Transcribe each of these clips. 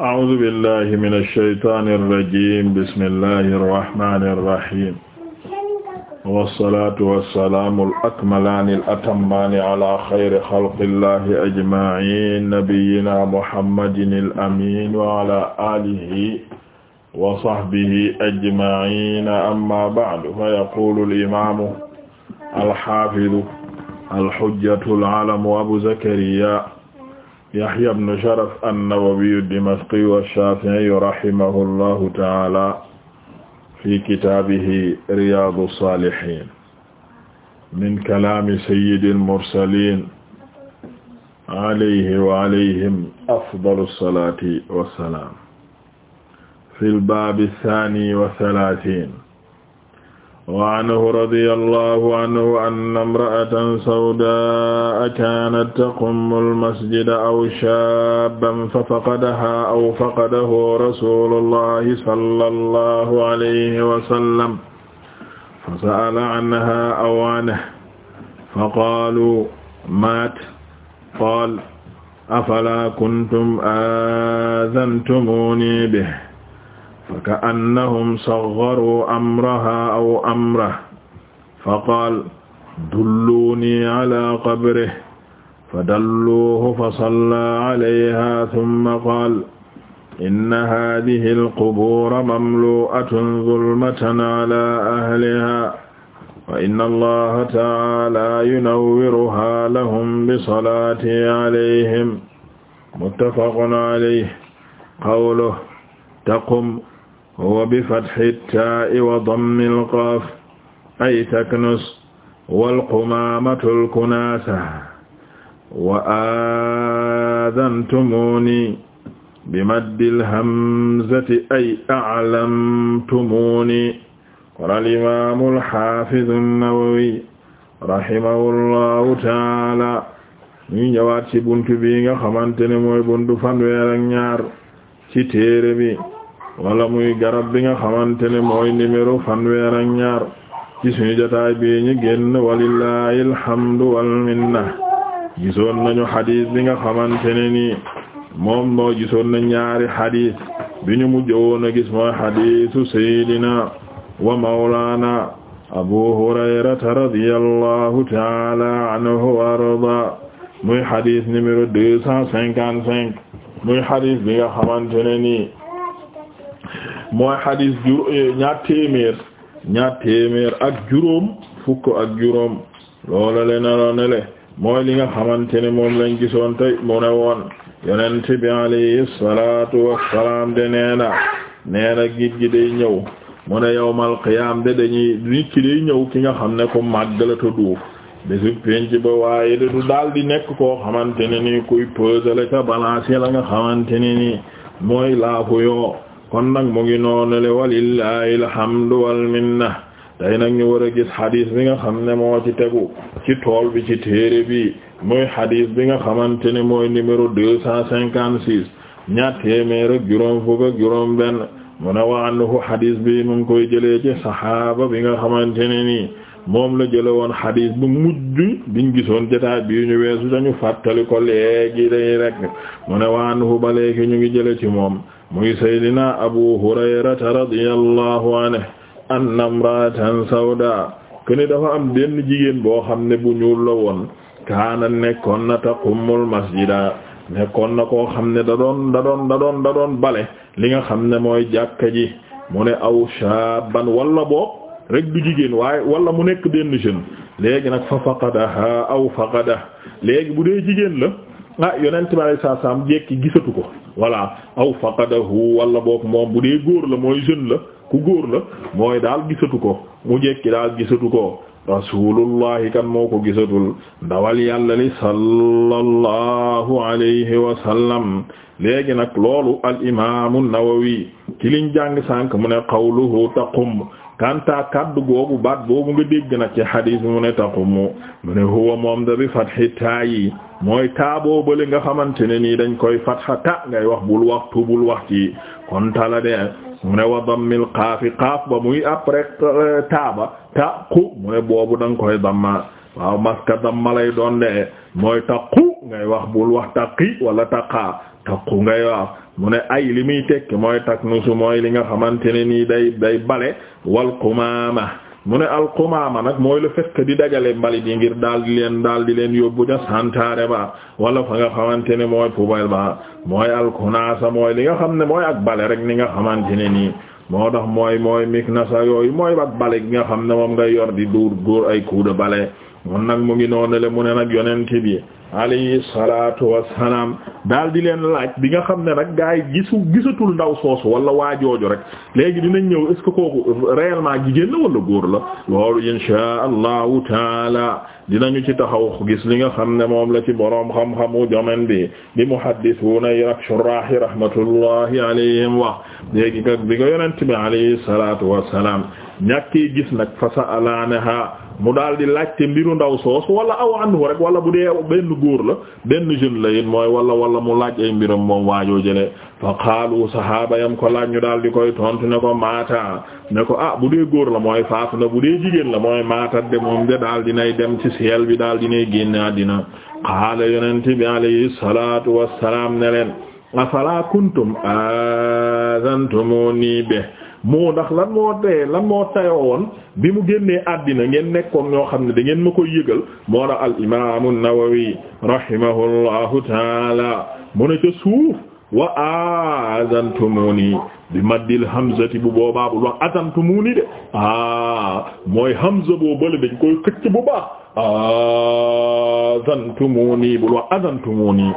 أعوذ بالله من الشيطان الرجيم بسم الله الرحمن الرحيم والصلاة والسلام الأكملان الأتمان على خير خلق الله أجمعين نبينا محمد الأمين وعلى آله وصحبه أجمعين أما بعد فيقول الإمام الحافظ الحجة العلم أبو زكريا Yahya ibn Sharaf an-Nawawi ad-Dimashqi ash-Shafi'i rahimahu llahu ta'ala fi kitaabihi Riyaadu s-Saalihiin min kalaami sayyidil mursaliin alayhi wa alayhim afdalu s-salaati wa s-salaam fil baabi s-saani wa s-salaasiin waanahu radia allahu aanhu anna imra'atan sawdaa kaanat taqummu almasjida aw shaabban fa faqadahaa aw faqadahu rasulullahi sala allahu alayhi wasallam fa sa'ala anhaa aw anhu fa qaaluu maat qaala afalaa kuntum aadantumunii bihi fa kaannahum saggaruu amrahaa aw amrahu fa qaal dulluunii alaa qabrihi fa dalluuhu fa sallaa alayhaa summa qaal inna haadihi alqubuura mamluu'atun zulmatan alaa ahlihaa wa inna allaha ta'aalaa yunawwiruhaa lahum bisalaatii alayhim muttafaqun alayhi qawluhu taqum wa bifatxi ttaa'i wa dammi lqaaf ay taknus walqumaamatu lkunaasa wa aadantumuni bimaddi lhamzati ay aclamtumuni kon alimaamu alxaafidu nnawawi rahimahu llahu taala ñuy ñëwaat ci buntu bi nga xamante ne mooy buntu fanweer ak ñaar ci téere bi wala muy garab bi nga xamante ne mooy numéro fanweer ak ñaar ci suñu jotaay bi ñu génn walillahi alhamdu wal minna gisoon nañu xadis bi nga xamante ne nii moom moo na ñaari xadis bi ñu mujj woon a gis mooy xadisu wa mawlaana abu hurayrata radiyallahu taala anhu wa muy xadis numéro deux cent cinquante cinq muy xadis bi nga xamante ne mooy xadis jur eh, ñaar téeméer ñaar ak juróom fukk ak juróom loola le nelo nele mooy li nga xamante ne moom lañ gisoon tey mu ne woon yonent bi alayhi salatu wassalaam de nee na nee na git gi day ñëw mu ne yawmal qiyaam de dañuy nit ki day ñëw ki nga xam ne ko màgg la te duuf bésu ba waaye de du daal di nekk koo xamante ne nii kuy pesale ca balance la nga xamante ne nii mooy laafu yoo kon nag mu ngi noonale walillahi alhamdu wal minna tey nag ñu war a gis xadis bi nga xam ne moo ci tegu ci tool bi ci téere bi mooy xadis bi nga xamante ne mooy numéro deux cent cinquante six ñaar téeméer ak juróom fukk ak juróom mu ngi koy jëlee ci bi nga xamante ne nii moom la jële woon xadis bu mujj biñ gisoon jotaay bii ñu weesu dañu fàttali ko léegi rek mu ne wa ba léegi ñu ngi jële ci moom muy saydina abu hurayrata radiyallahu anhu anna imra'atan sawda kene dafa am benn jigéen boo xam ne bu ñuul la woon kaana nekkoon na taqummul masjida nekkoon na koo xam ne da doon da doon da doon da doon bale li nga xam ne mooy jàkka ji mu ne aw shaban wala boo rek du jigéen waaye wala mu nekk benn jeune léegi nag fa faqadaha aw faqada léegi bu dee jigéen la ah yonent bi alayhi salaam jekki gisatu ko voilà aw faqadahu wala boog moom bu dee góor la mooy jeune la ku góor la mooy daal gisatu ko mu jekki daal gisatu ko rasulullahi kan moo ko gisatul ndawal yàlla li sallallahu alayhi wa sallam nag loolu al imaamu nawawi ci liñ jàng sànq mu ne qawluhu taqum kanta kaddu googu baat boobu nga dégg nag ci xadiis mu ne taqumu mu ne huwa moom da bi fathi taayi mooy taaboo li nga xamante ne nii dañ koy fatxa ta ngay wax bul waxtu bul wax ci kon tala de mu ne wa dammil xaafi xaaf ba muy après taaba ta ku mu ne boobu da koy damma waaw maska damma lay doon de mooy taqu ngay wax bul wax ta wala taqa taqu ngay wax mu ne ay li muy tekki mooy taknusu mooy li nga xamante ne nii day day bale wal qumaama mu ne alqumaama nag mooy la fait di dajale mbalit yi ngir daal di leen daal di leen yóbbu ca santaare ba wala fa nga xamante ne mooy poubelle ba mooy alkunaasa mooy li nga xam ne mooy ak bale rek ni nga xamante ne nii moo tax mooy mooy na miknasa yooyu mooy ak bale ki nga xam ne moom ngay yor di duur duur ay coup bale mun nag mu ngi noonu le mu ne nag yonent bi alayhi salaatu wassalaam daal di leen laaj bi nga xam ne nag gaa yi gisu gisatul ndaw soosu wala waa jooju rek léegi dinañ ñëw est-ce que kooku réellement jigéen la wala góor la loolu insha allahu taala dinañu ci taxaw gis li nga xam ne moom la ci borom xam-xamu jomen bi di muhaddisuuna yi ak shuraahi rahmatullahi alayhim wax léegi kat bi nga yonent bi alayhi salaatu wassalaam ñàkk gis nag fa sa'alaanaha mu daal di laajte mbiru ndaw soos wala aw anhu rek wala bu dee benn góor la benn jeune la it mooy wala wala mu laaj ay mbiram moom waajoo jële fa xaalu sahaaba yam ko laaj ñu daal di koy tontu ne ko maata ne ko ah bu dee góor la mooy faatu na bu dee jigéen la mooy maata de moom de daal dinay dem ci seel bi daal dinay génn àddina qaala yonent bi alayhi salatu wassalaam ne leen afala kuntum aazantumuni be moo ndax lan moo tee lan moo tayoo woon bi mu génnee àddina ngeen nekkoon ñoo xam ne da ngeen ma koy yëgal moo tax al imaamu Nawawi rahimahullahu taala mu ne ca suuf wa azantumuni bi maddil hamzati bu boobaa bul wax azantumuni de ah mooy hamza boo bële dañ koy bu baax azantumuni bul wax azantumuni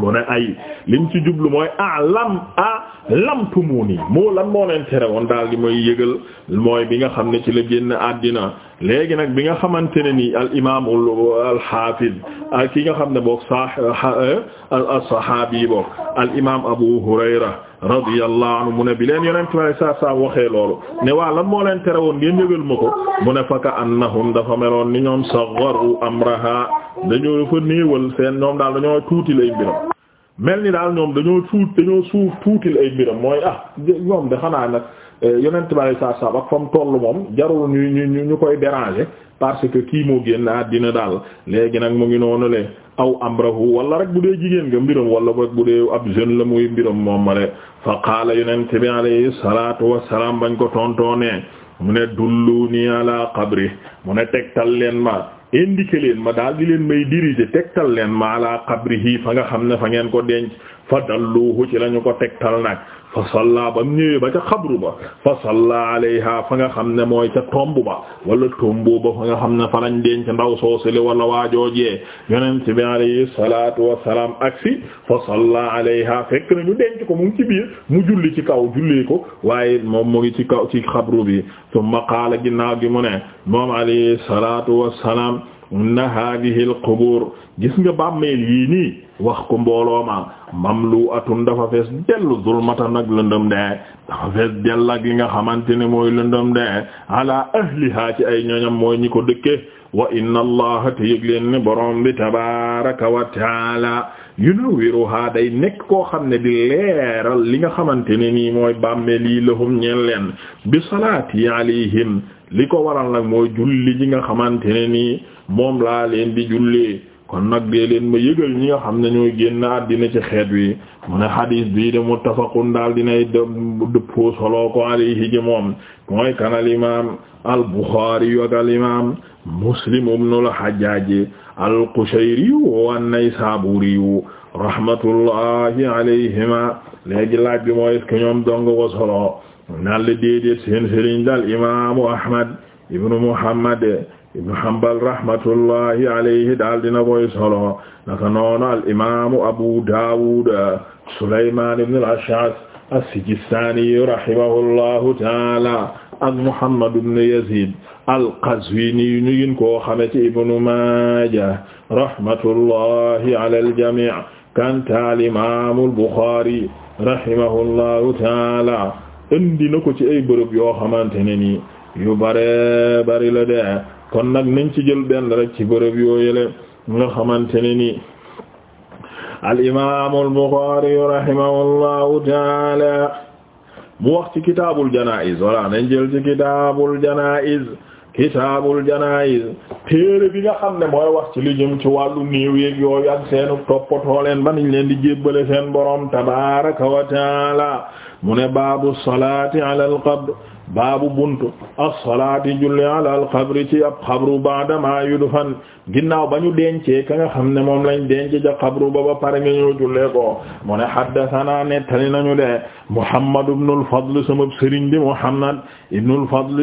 mu ne ay lim ci jublu mooy ah lam ah lamtumuni moo lan moo leen tere woon daal di mooy yëgal mooy bi nga xam ne ci la génn àddina léegi nag bi nga xamante ne ni al imaam ki nga xam ne book saa eh, al sahaabi boog al imaam Abu Hurayra radiyallahu mu ne bi leen yonent lay saa saa waxee loolu ne waa lan moo tere woon ngeen ma ko mu ne faka annahum dafa meloon ni ñoom sagharu amraha dañoo dafa néewal seen ñoom daal dañoo tuuti la mbiram mel ni daal ñoom dañoo tuut dañoo suuf tuutil ay mbiram mooy ah ñoom de xanaa nag eh, yonent bari saa saab ak fa mu toll moom jarul ñu ñu ñu koy déranger parce que kii moo génn àddina daal léegi nag mu ngi noonu le aw amrahu wala rek bu dee jigéen nga mbiram wala rek bu dee ab jeune la muy mbiram moom ma le fa qaala yonent bi alayhi salaatu wassalaam bañ ko tontoonee mu ne dulluni ala qabri mu ne tegtal leen ma indiqué leen ma daal di leen may diriger tegtal leen la ala qabrihi fa nga xam ne fa ngeen ko denc fa dalluuhu ci lañu ko tegtal nag fa salla ba mu ba ca xabru ba fa salla alayha fa nga xam ne mooy ca tomb ba wala tomb ba fa nga xam ne fa lañ denc ndaw soosili wala waajoojee yonent bi alayhi salaatu wassalaam aksi fa salla alayha fekk na mu ci julli ci kaw julli ko waaye moom mu ngi ci kaw ci xabru bi tumma qaala ginnaaw gi mu ne moom alayhi salaatu wassalaam inna hadhihi alqubur gis nga bàmmeel yii nii wax ko mboolooma ma mamlu'atun dafa fees dellu zulmatan ak lëndëm de dafa fees dell li nga xamante ne mooy lëndëm de ala ahliha ci ay ñoñam mooy ñi ko dëkke wa inna allaha te yëg leen ne borom wa taala yu yunawiruha day nekk koo xam ne di leeral li nga xamante ne nii mooy bàmmee lii lahum ñeen leen bi salaati alayhim li ko waral nag mooy julli ji nga xamante ne nii moom laa leen di jullee kon nag dee leen ma yëgal ñi nga xam ne ñooy génn xeet wi mu ne xadiis bii de muttafaqun daal dinay dëppoo soloo ko alayhi ji moom mooy kan al imaam al Buxaari ak al imaam Muslim ibnul Hajjaaj al Qushayri wa an-Naysaburi rahmatullahi alayhima léegi laaj bi mooy est-ce que Ahmad ibnu Muhammad ibnu Hanbal rahmatullahi alayhi daal dina koy solo naka noonu al imaamu Abu Dawud Sulaymaan ibn al-Ash'ath as-Sijistaani rahimahullahu taala ak Muhammad ibn Yazid al-Qazwini ñu gën koo xame ci ibnu Maaja rahmatullahi ala al-jamii' kanta al-imaamu al-Buxaari rahimahullahu taala indi na ko ci ay bërëb yoo xamante ne ni yu bare bari la de kon nag nañ ci jël benn rek ci bërëb yooyele nga xamante ne ni al imaamu al Buxaari rahimahullahu taala mu wax ci kitaabul janaa'iz wala nañ jël ci kitaabul janaa'iz kitaabul janaa'iz téere bi nga xam ne mooy wax ci li jëm ci wàllu néew yeeg yooyu ak seenu toppatoo leen ba niñ leen di jébbale seen borom tabaaraka wa taala mu ne baabu salaati ala al qabr baabu buntu as-salaati julli ala al ci ab xabru ba'da ma yudfan ginnaaw ba ñu dencee ka nga xam ne moom lañ denc ja xabru ba pare nga ñëw jullee ko mu ne haddathana nañu de Muhammad ibn al-Fadl sama sëriñ di Muhammad ibn al-Fadl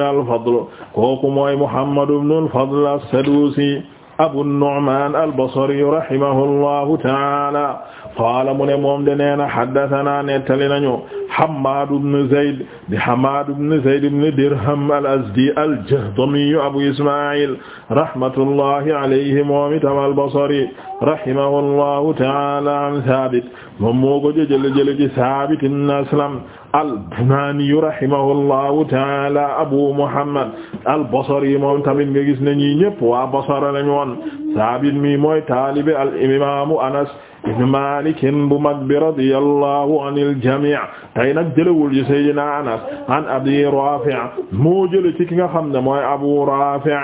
al kooku mooy Muhammad ibn al-Fadl as-Sadusi Abu Nu'man al-Basri rahimahullahu ta'ala qaala mu ne moom de nee na haddathana nettali nañu Hammad ibn Zayd di Hammaad ibn Zayd ibn Dirham al-Azdi al-Jahdami Abu Ismaa'il rahmatullahi alayhi moom itam al-Basri rahimahullahu ta'ala an Saabit moom moo ko jëjële jële ci Saabit ibn Aslam al-Bunaani rahimahullahu ta'ala Abu Muhammad al-Basri moom tamit nga gis ne ñii ñëpp waa Basra lañu woon Saabit mi mooy taalibe al-imaamu Anas ibn Malik bu mag bi radiyallahu anil jamii tey nag jëlawul ci Seydina Anas an Abi Rafi' moo jële ci ki nga xam ne mooy Abu Rafi'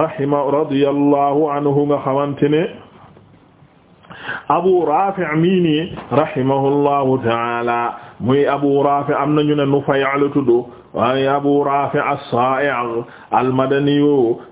rahima radiyallahu anhu nga xamante ne Abu Rafi' mii nii rahimahullahu ta'ala muy Abu Rafi' am nañu ne Nufay' la tudd waaye Abu Rafi' as-Sa'i' al-Madani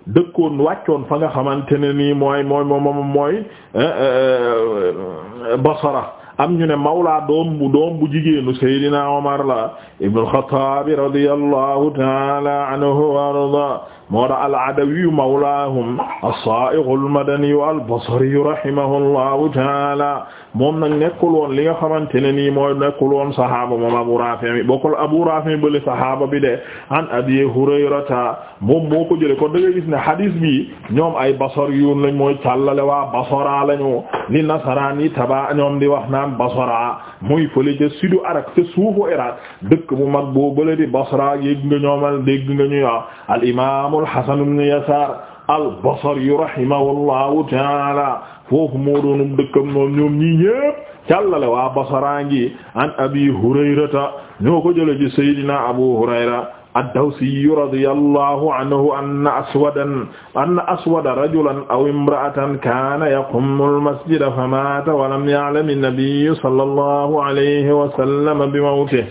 dëkkoon wàccoon fa nga xamante ne nii mooy mooy mooy mooy eh, eh, eh, Basra am ñu ne mawla doom bu doom bu jigéenu Seydina Omar la ibnu al-Khattab radiyallahu ta'ala anhu wa arda moo da al-Adawi mawlahum as-Sa'iq al-Madani al-Basri rahimahullahu ta'ala moom nag nekkul woon li nga xamante ne nii mooy nekkul woon saxaaba moom Abu Rafi mi bokkul Abu Rafi bële saxaaba bi de an Abi Hurayrata moom moo ko jëlee ko da ngay gis ne hadis bi ñoom ay basor yoon lañ mooy càllale waa basora lañu li nasaraan yi taba ñoom di wax naan basora muy fële ca sudu arak ca suufu Irak dëkk bu mag boo bële di basra yëg nga ñoomal dégg nga ñuy wax al imaamul Hasan ibn Yasaar al basri rahimahullahu taala foofu moo doonum dëkkam moom ñoom ñii ñépp càllale waa Basra ngi an Abi Hurayrata ñoo ko jële ci Seydina Abu Hurayra ad-Dawsi radiyallahu anhu anna aswadan anna aswada rajulan aw imra'atan kaana yaqummu al-masjida famaata wa lam ya'lam an-nabiyyu sallallahu alayhi wa sallam bi mawtihi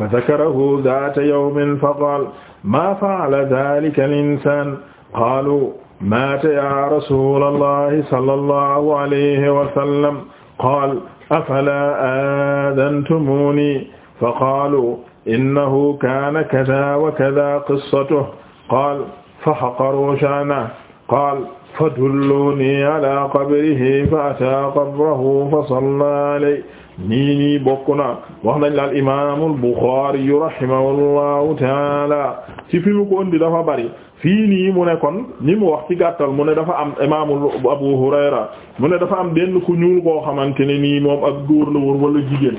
fa dhakarahu dhaata yawmin faqaala maa fa'ala dhaalika al-insaan qaaluu maata ya rasula allahi sala allahu alayhi wasallam qaal afalaa aadantumuni fa qaalu innahu kaana kada wa kada qissatuhu qaal fa haqaruu sha'nahu qaal fadulluunii alaa qabrihi fa ataa qabrahu fa sallaa alayhi nii nii bokk na wax nañ la al imaamul Buxaari rahimahu llahu taala ci fi mu ko indi dafa bari fii nii mu ne kon ñi mu wax ci gàttal mu ne dafa am imaamul Abu Hurayra mu ne dafa am denn ku ñuul koo xamante ne nii moom ak góor la woon wala jigéen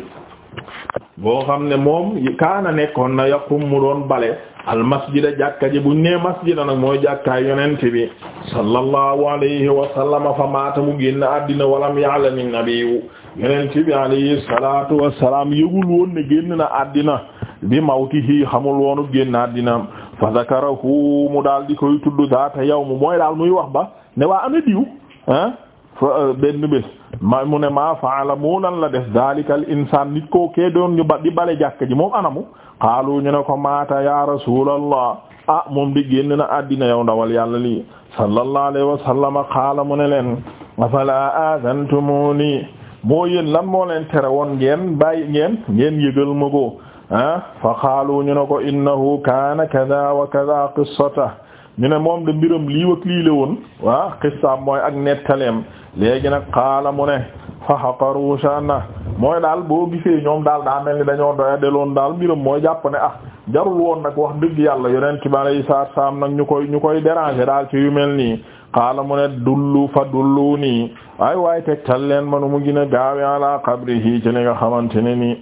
boo xam ne moom kaana nekkoon na yaqum mu doon bale al masjida jàkka ji buñ nee masjida nag mooy jàkkaay yonent bi sallallahu alayhi wa sallama fa maata mu génn àddina walam ya'lamin nabiyyu yonent bi alayhi salatu wassalaam yëgul woon ne génn na àddina bi mawtihi xamul woonu génn àddina fa zakarahu mu daal di koy tudd zaata mu mooy daal muy wax ba ne waa ana diw ah benn bés ma mu ne maa faala mu lan la def zalika al insaan nit koo kee doon ñu ba di bale jàkk ji moom anamu xaalu ñu ne ko maata ya rasulallah a ah, moom di génn na àddina yow ndawal yàlla lii sallallahu alayhi wa sallama xaala mu ne leen afala ni moo yéen lan moo leen tere woon ngeen bàyyi ngeen ngeen yëgal ma ko ah fa xaalu ñu ne ko innahu kaana kada wa kada ñu ne moom de mbiram lii wak lii woon ah qissaam mooy ak net nettaleem léegi nag xaala mu ne fa xaqaru sha'na mooy daal boo gisee ñoom daal daa mel ni dañoo doya deloon daal mbiram mooy jàpp a ah jarul woon nag wax dëgg yàlla yonent bi yi salaatu salaam nag ñu koy ñu koy déranger daal ci yu mel ni xaala mu ne dullu fa dullu nii ay waay tegtal leen manu mu gën gaawe ala qabrihi ci li nga xamante ne nii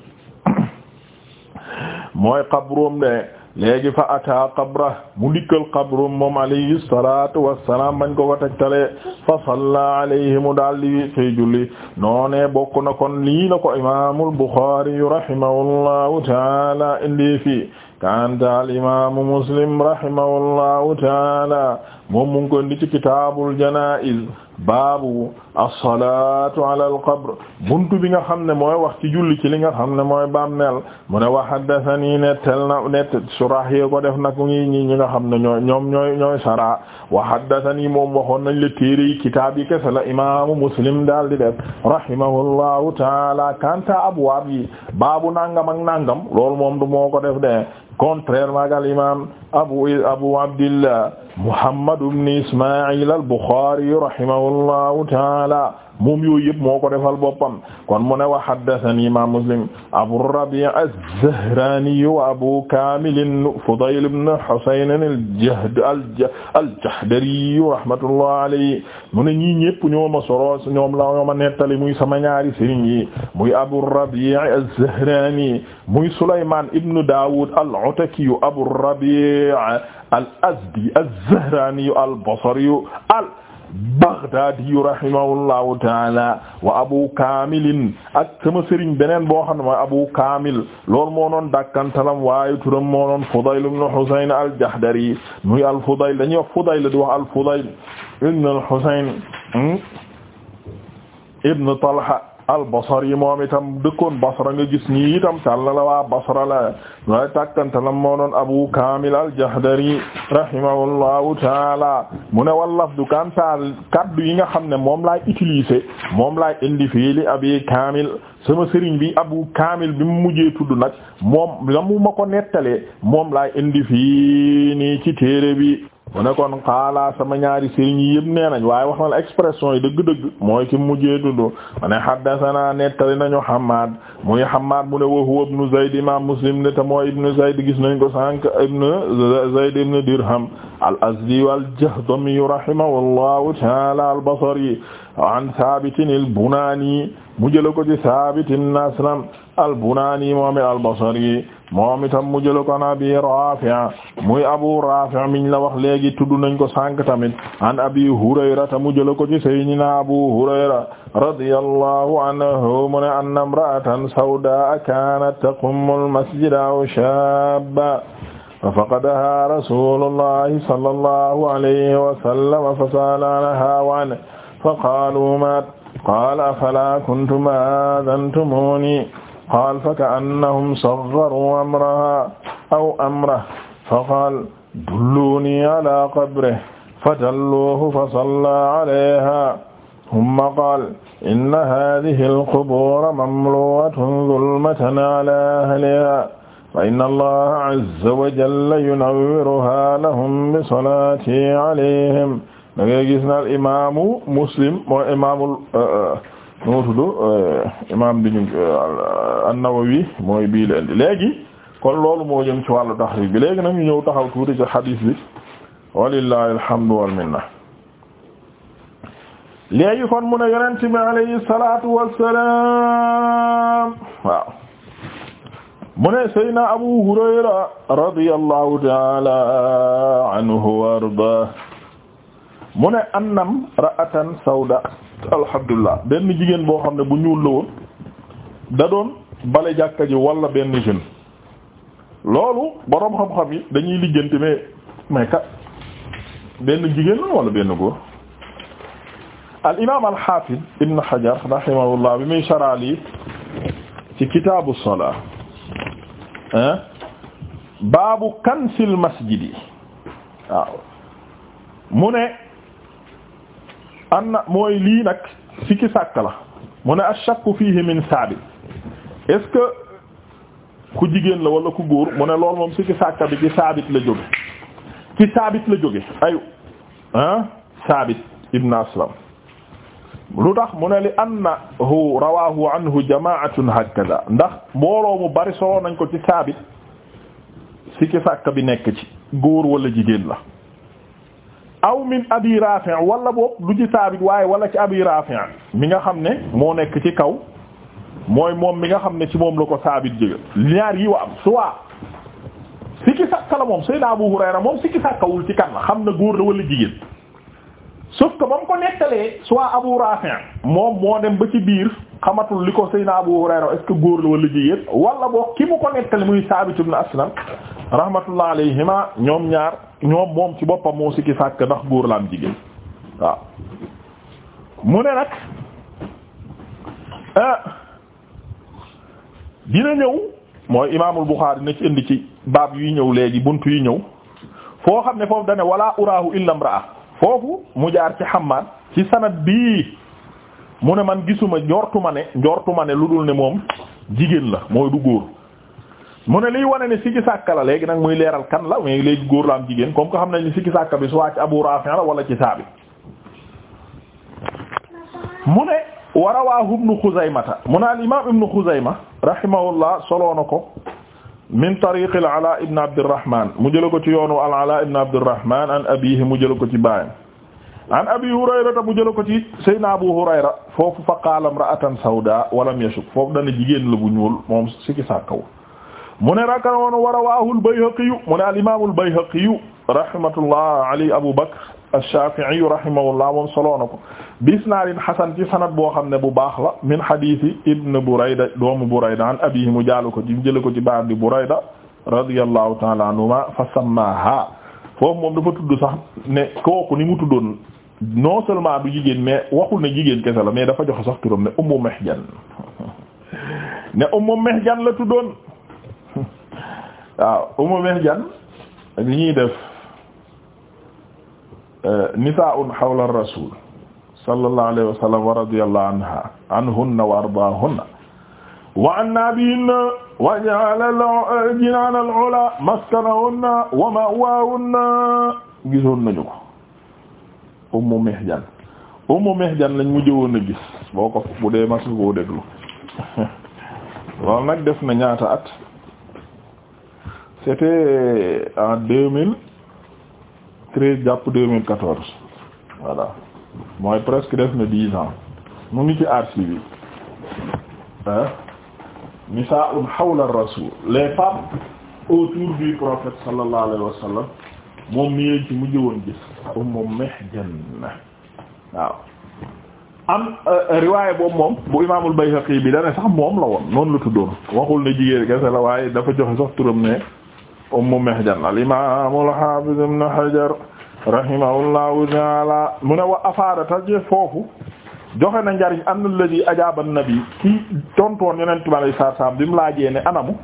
mooy xabroom de léegi fa ata qabra mu dikkal xabroom moom alayhi salatu wassalam bañ ko ko tegtalee fa salla alayhi mu daal di julli noonee bokk na kon lii la ko imaamul Buxaari rahimahullahu taala indi fii kanta al imaamu Muslim rahimahullahu taala moom mu ko indi ci kitaabul janaa'iz baabu alsalatu ala alqabre buntu bi nga xam ne mooy wax ci julli ci li nga xam ne mooy bàmmeel mu ne wa haddathani nettel na nett surah yi ko def nag ñi ñi nga xam ne ñooy ñoom ñooy ñooy sara wa haddathani moom waxoon nañ le téere yi kitaab yi kese la imaamu muslim daal di def rahimahullahu taala kanta abwaab yi baabu nangam ak nangam loolu moom du moo ko def de contrairement ak al imam abu abu abdillah muhammad ibn isma'il al-Bukhari rahimahullahu ta'ala moom yooyu yëpp moo ko defal boppam kon mu ne wa haddathani imam Muslim Abu Rabi' az-Zahrani wa Abu Kamil Fudayl ibn Husayn al-Jahd al-Jahdari rahmatullah alayhi mu ne ñii ñëpp ñoo ma solo ñoom la ñoo ma nettali muy sama ñaari sëriñ yi muy Abu Rabi' az-Zahrani muy Sulayman ibn Dawud al-Ataki Abu Rabi' al-Azdi az-Zahrani al-Basri Baghdaadi rahimahullahu taala wa Abu Kaamilin ak sama sëriñ beneen boo xam ne mooy Abu Kaamil loolu moo doon dakkantalam waaye turam moo doon Fudayl ibn Husayn al-Jahdari muy al-Fudayl dañuy wax Fudayl di wax al-Fudayl Talha al-Basri yi moom itam dëkkoon Basra nga gis ñii itam sàlla la waa Basra la waaye tàkkantalam moo doon Abu Kamil al-Jahdari rahimahullahu taala mu ne wal lafdu kanta kaddu yi nga xam ne moom laay utiliser moom laay indi fii li Abi Kamil sama bi Abu Kamil bi mu mujjee tudd nag moom la mu ma ko nettalee moom laay indi fii ci téere bi mu ne kon xaala sama ñaari sëriñ yi yëpp nee nañ waaye wax na la expression yi dëgg-dëgg mooy ki mujjee dundu ma ne haddathana nettali nañu Hammad muy Hammad mu ne wa huwa ibnu Zayd imam Muslim ne te mooy ibnu Zayd gis nañ ko sànq ibnu Zayd ibnu Dirham al-Azdi al-Jahdami rahimahullahu ta'ala al-Basri an Thabit al-Bunani mu jël ko ci Thabit ibn Aslam al-Bunani moom al-Basri moom itam mu jël ko an abi Rafi' muy abu Rafi' miñ la wax léegi tudd nañ ko sànq tamit an abi Hurayra ta mu jël ko ci sayyidina abu Hurayra radiyallahu anhu mu ne anna imra'atan sawdaa kaanat taqummu al-masjida aw shaabban fafaqadahaa rasuulullahi sallallahu alayhi wa sallam fasa'ala anhaa wa anhu faqaaluu maat qaala afalaa kuntum aadantumunii qaal fa kaannahum sagharu amraha aw amrah fa qaal dulluni ala qabrih fadalluuhu fa salla alayha humma qaal inna haadihi alqubuura mamluu'atun zulmatan ala ahliha fa inna allaha azza wa jalla yunawwiruha lahum bi salaati alayhim da ngay gis na al imaamu muslim mooy imaamul nu tudd euh, imaam bi ñu euh, euh, an-Nawawi mooy bii la indi léegi kon loolu moo jëm ci wàllu taxriij bi léegi nag ñu ñëw taxaw tuuti ci xadiis bi walillahi alhamdu wal minna léegi kon mu ne yonent bi alayhi salaatu wassalaam waaw mu ne Seydina Abu Hurayra radiyallahu ta'ala anhu wa ardaa mu ne annam ra'atan sawda alhamdulilah benn jigéen boo xam ne bu ñuul la woon da doon bale jàkka ji wala benn jeune loolu boroom xam-xam yi dañuy lijjanti mais mais kat benn jigéen walla benn góor al imaam al xaafid ibn Hajar rahimahullah bi muy saraali ci kitaabu salaa ah baabu kansil masjid yi waaw mu ne. anna mooy lii nag sikki sàkk la mu ne ashakku fiihi min saabit est-ce ku jigéen la walla ku góor mu ne loolu moom sikki sàkk bi ci saabit la jóge ci saabit la jóge ayu ah saabit ibn aslam lu dax mu ne li annahu rawahu anhu jamaatun hakaza ndax mbooloo mu bari solo nañ ko ci saabit sikki sàkk bi nekk ci góor walla jigéen la aw min abi rafi' wala boog lu ci saabit waaye wala ci abi rafi' mi nga xam ne moo nekk ci kaw mooy moom mi nga xam ne ci moom la ko saabit jëga ñaar yi wa am soit sikki sàkka la moom Seydina Abu Hurayra moom sikki sàkkawul ci kan la xam na góor la walla jigéen sauf que ba mu ko nettalee soit Abu Rafi moom moo dem ba ci biir xamatul li ko Seydina Abu Hurayra est góor la wala jigéen wala boo ki mu ko nettale muy Saabit ibn Aslam rahmatullah alayhima ñoom ñaar ñoom moom ci boppam moo sikki sàkk ndax góor la am jigéen waaw mu ne nag ah, dina ñëw mooy imaamul Buxaari na ci indi ci baab yuy ñëw léegi bunt yuy ñëw foo xam ne foofu dane wala uraahu illa imra'a foofu mu jaar ci Hammad ci sanad bii mu ne man gisuma ma ne njortuma ne lu dul ne moom jigéen la mooy du góor mu ne liy wane ne sikki sàkka la léegi nag muy leeral kan la mais léegi góor la am jigéen comme que xam nañ ne sikki sàkka bi soit ci Abu Rafi' la wala ci saabi mu ne wa rawaahu ibnu Xuzaymata mu ne al imaam ibnu Xuzayma rahimahullah soloo na ko min tariq al-Alaa ibn Abdirrahman mu jëla ko ci yoonu al-Alaa ibn Abdirrahman an abiihi mu jëla ko ci baayam an abi hurayrata mu jëla ko ci Seydina Abu Hurayra foofu fa qaala imra'atan sawdaa wa lam yashuk foofu dana jigéen la bu ñuul moom sikki sàkkaw mu ne raka woon wa rawaahu al-Bayhaqi mu ne al-imaam al-Bayhaqi rahmatullah alayhi Abu Bakr ash-Shafi'i rahimahullah moom soloo na ko bi isnaadin hasan ci sanad boo xam ne bu baax la min hadiisi ibn Burayda doomu Burayda an abiihi mu jaalu ko ci jële ko ci baam bi Burayda radiyallahu ta'ala anhuma fa sammaha foofu moom dafa tudd sax ne kooku ni mu tuddoon non seulement du jigéen mais waxul ne jigéen kese la mais dafa joxe sax turam ne Ummu Mihjan ne Ummu Mihjan la tuddoon waaw Ummu Mihjan li ñuy def nisaa'un hawla rasul sallallahu alayhi wa sallam wa radiyallahu anha anhunna wa ardaahunna wa anna bihinna wa ja'ala jinaana al-'ulaa maskanahunna wa ma'waahunna gisoon nañu ko Ummu Mihjan Ummu Mihjan lañ mujj woon gis boo ko bu dee mas koo déglu loolu nag def na ñaata at c'était en treize jàpp deux mille quatorze voilà mooy presque def na dix ans mu ngi ci archive bi ah nisaa'un hawla rasul les femmes autour du prophète sallallahu alayhi moom mu ngi ci mujj woon gis ummu mihjan waaw am euh, riwaay boobu moom bu imaamul Bayhaqi bi dane sax moom la woon noonu la tuddoon waxul ne jigéen kese la waaye dafa joxe sax turam ne Ummu Mihjan al-Imaam al-Haafiz Ibn Hajar rahimahullahu ta'aala mu ne wa afaada taje foofu joxe na njariñ am na ladi ajaaba nabi kii tontoon Yonent bi alayhi salaatu salaam bi mu laajee anamu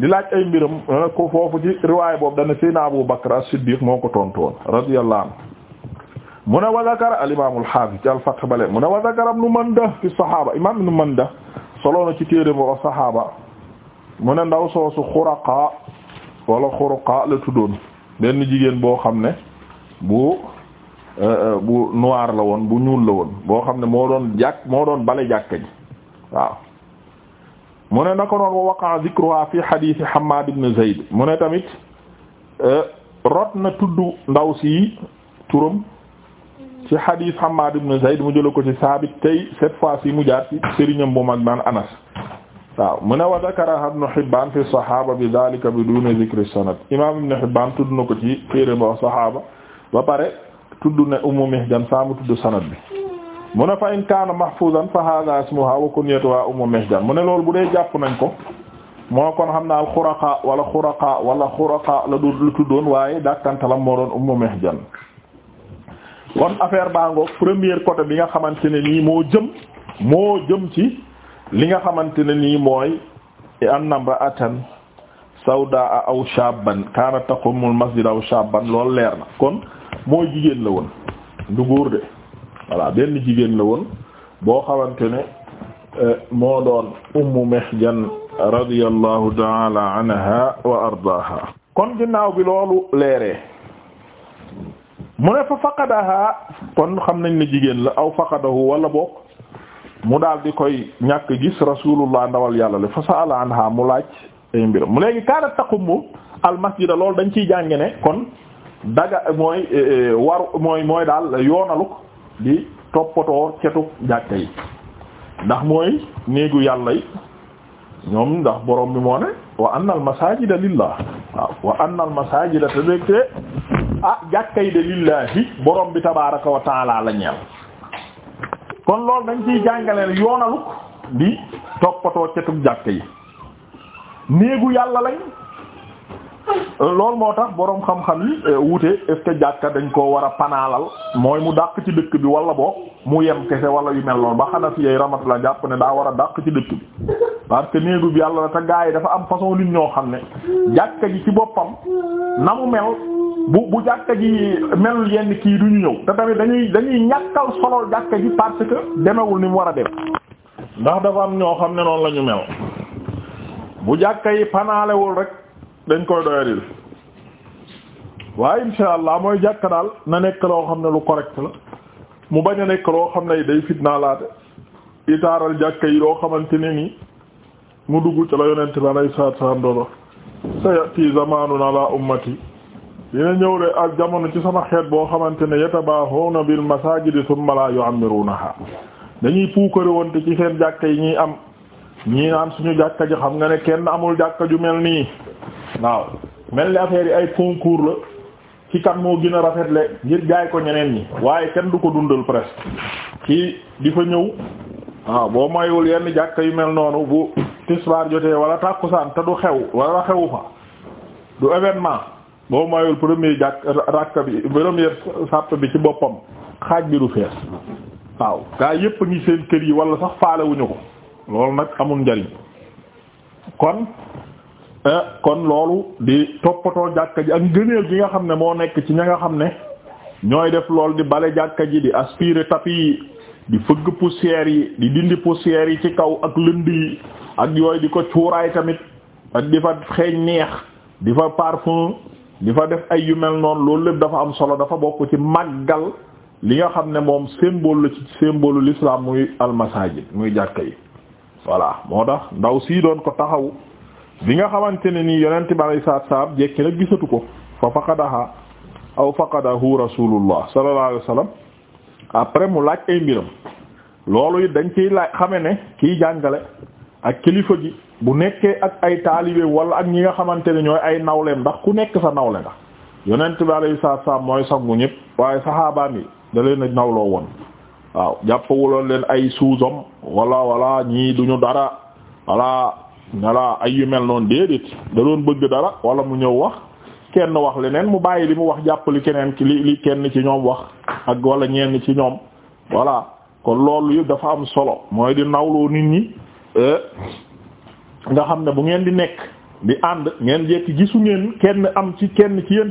di laaj ay mbiram ne ko foofu ci riwaay boobu dana Seydina Abu Bakr as-Siddiq moo ko tontoon radiyallahu anhu mu ne wa zakara al-Imaam al-Haafiz ci al-Fath bale mu ne wa zakara Ibn Mandah fi saxaaba Imaam Ibn Mandah solo na ci téere boobu saxaaba mu ne ndaw soosu Xuraqa wala xuruqa la tuddoon benn jigéen boo xam ne bu euh, euh, bu noir la woon bu ñuul la woon boo xam ne moo doon jàkk moo doon bale jàkka ji waaw mu ne nako noon wa waqa zikruha fi hadith Hammad ibn Zayd mu ne tamit euh, rot na tudd ndaw si turam ci hadith Hammad ibn Zayd mu jëla ko ci Saabit tey cette fois ci mu jaar ci sëriñam bu mag naan Anas waaw mu ne wa zakaraha ibn Hibbaan fi sahaaba bi daalika biduuni zikri sanad imaam ibn Hibbaan tudd na ko ci téere ba sahaaba ba pare tudd ne Ummu Mihjan saa mu tudd sanad bi mu ne fa in kaana mahfuuzan fa haaza ismuhaa wa kunyatuhaa Ummu Mihjan mu ne loolu bu dee jàpp nañ ko moo kon xam naa al-Xuraqa wala Xuraqa wala Xuraqa la du tuddoon waaye dàkkantalam moo doon Ummu Mihjan kon affaire baa ngoog première côté bi nga xamante ne nii moo jëm moo jëm li nga xamante ne nii mooy anna imra'atan sawdaa aw shaban kaanat taqumul masjid aw shaban loolu leer kon mooy jigéen la woon du de voilà benn jigéen la woon boo xamante ne euh, moo doon ummu mihjan radiyallahu ta'ala anha wa ardaaha kon ginnaaw bi loolu leere mu ne fa faqadaha kon xam nañ ne jigéen la aw faqadahu wala bokk mu daal di koy ñàkk gis rasulullah ndawal yàlla le fa sa'ala anha mu laaj ay mbir mu léegi kaana taqumu al masjida loolu dañ ciy jànge ne kon daga mooy e, e, waru mooy mooy daal yoonaluk di toppatoo cetu jàkka yi ndax mooy néegu yàlla yi ñoom ndax borom bi moo ne wa anna ma masajida lillah waaw wa anna al masajida te dégte ah jàkka yi de lillahi borom bi tabaraka wa taala la ñeel kon loolu dañ ciy jàngaleel yoonaluk di toppatoo cetug jàkk yi néegu yàlla lañ loolu moo tax boroom xam-xam yi euh, wute est-ce dañ koo war a panaalal mooy mu dàq ci dëkk bi wala boo mu yem kese wala yu mel noonu ba xanaa fi yey ramatula jàpp ne daa war a dàq ci dëkk bi parce que néegu bi yàlla la te gaa yi dafa am façon lii ñoo xam ne jàkka ji ci boppam na mu mel bu bu jàkka ji melul yenn kii duñu ñëw te tamit dañuy dañuy ñàkkal solo jàkka ji parce que demewul ni mu war a dem ndax dafa am ñoo xam ne noonu la mel bu jàkka yi panaalewul rek dañ koy doyadil waaye insha allah mooy jàkka daal na nekk loo xam ne lu correct la mu bañ a nekk loo xam ne day fitnaa laate itaaral jàkka yi loo xamante ne ni mu dugg ci la yonent bi alayhi salaatu wa salaam doon wax sayati zamanun ala ummati dina ñëw de ak jamono ci sama xeet boo xamante ne yatabaahuuna bil masaajidi thumma laa yu'ammiruunahaa dañuy puukare wonte ci seen jàkka yi ñuy am ñii naan suñu jàkka ji xam nga ne kenn amul jàkka ju mel nii waaw mel ni affaire yi ay concours la ci kan moo gin a rafet le ngir jaay ko ñeneen ñi waaye kenn du ko dundal presque kii di fa ñëw waaw boo mayul yenn jàkka yu mel noonu bu tisbaar jotee wala tàkkusaan te du xew wala xewu fa du événement boo mayul premier jàkk rakka bi premier sàpp bi ci boppam xaaj bi du fees waaw gaa yépp a ngi seen kër yi wala sax faalewuñu ko loolu nag amul njariñ kon eh, kon loolu di toppatoo jàkka ji ak ngëneel gi nga xam ne moo nekk ci ña nga xam ne ñooy def lool di bale jàkka ji di aspirer tapis yi di fëgg poussière yi di dindi poussière yi ci kaw ak lënd yi ak yooyu di ko cuuraay tamit ak di fa xeeñ neex di fa parfum di fa def ay yu mel noonu loolu lépp dafa am solo dafa bokk ci màggal li nga xam ne moom symbole la ci symbole lislaam muy almasajid muy jàkka yi voilà moo tax ndaw sii doon ko taxaw bi nga xamante ne nii yonent bi alay saat saab jekki nag gisatu ko fa faqadaha aw faqadahu rasulullah sallallahu alayhi wasallam après mu laaj ay mbiram loolu it dañ ciy laaj xame ne kiy jàngale ak kilifa gi bu nekkee ak ay taalibe wala ak ñi nga xamante ne ñooy ay nawleem ndax ku nekk sa nawle nga yonent bi alayhi salaam mooy sangu ñëpp waaye saxaabaam yi da leen a nawloo woon waaw jàppawuloon leen ay suusom wala wala ñii duñu dara wala wala ay yu mel noonu déedéet bëgg dara wala mu ñëw wax kenn wax leneen mu bàyyi li mu wax jàppali keneen ki li kenn ci ñoom wax ak walla ñenn ci ñoom voilà kon loolu yëpp dafa am solo mooy di nawloo nit ñi nga xam ne bu ngeen di nekk di ànd ngeen jekki gisu ngeen kenn am ci kenn ci yéen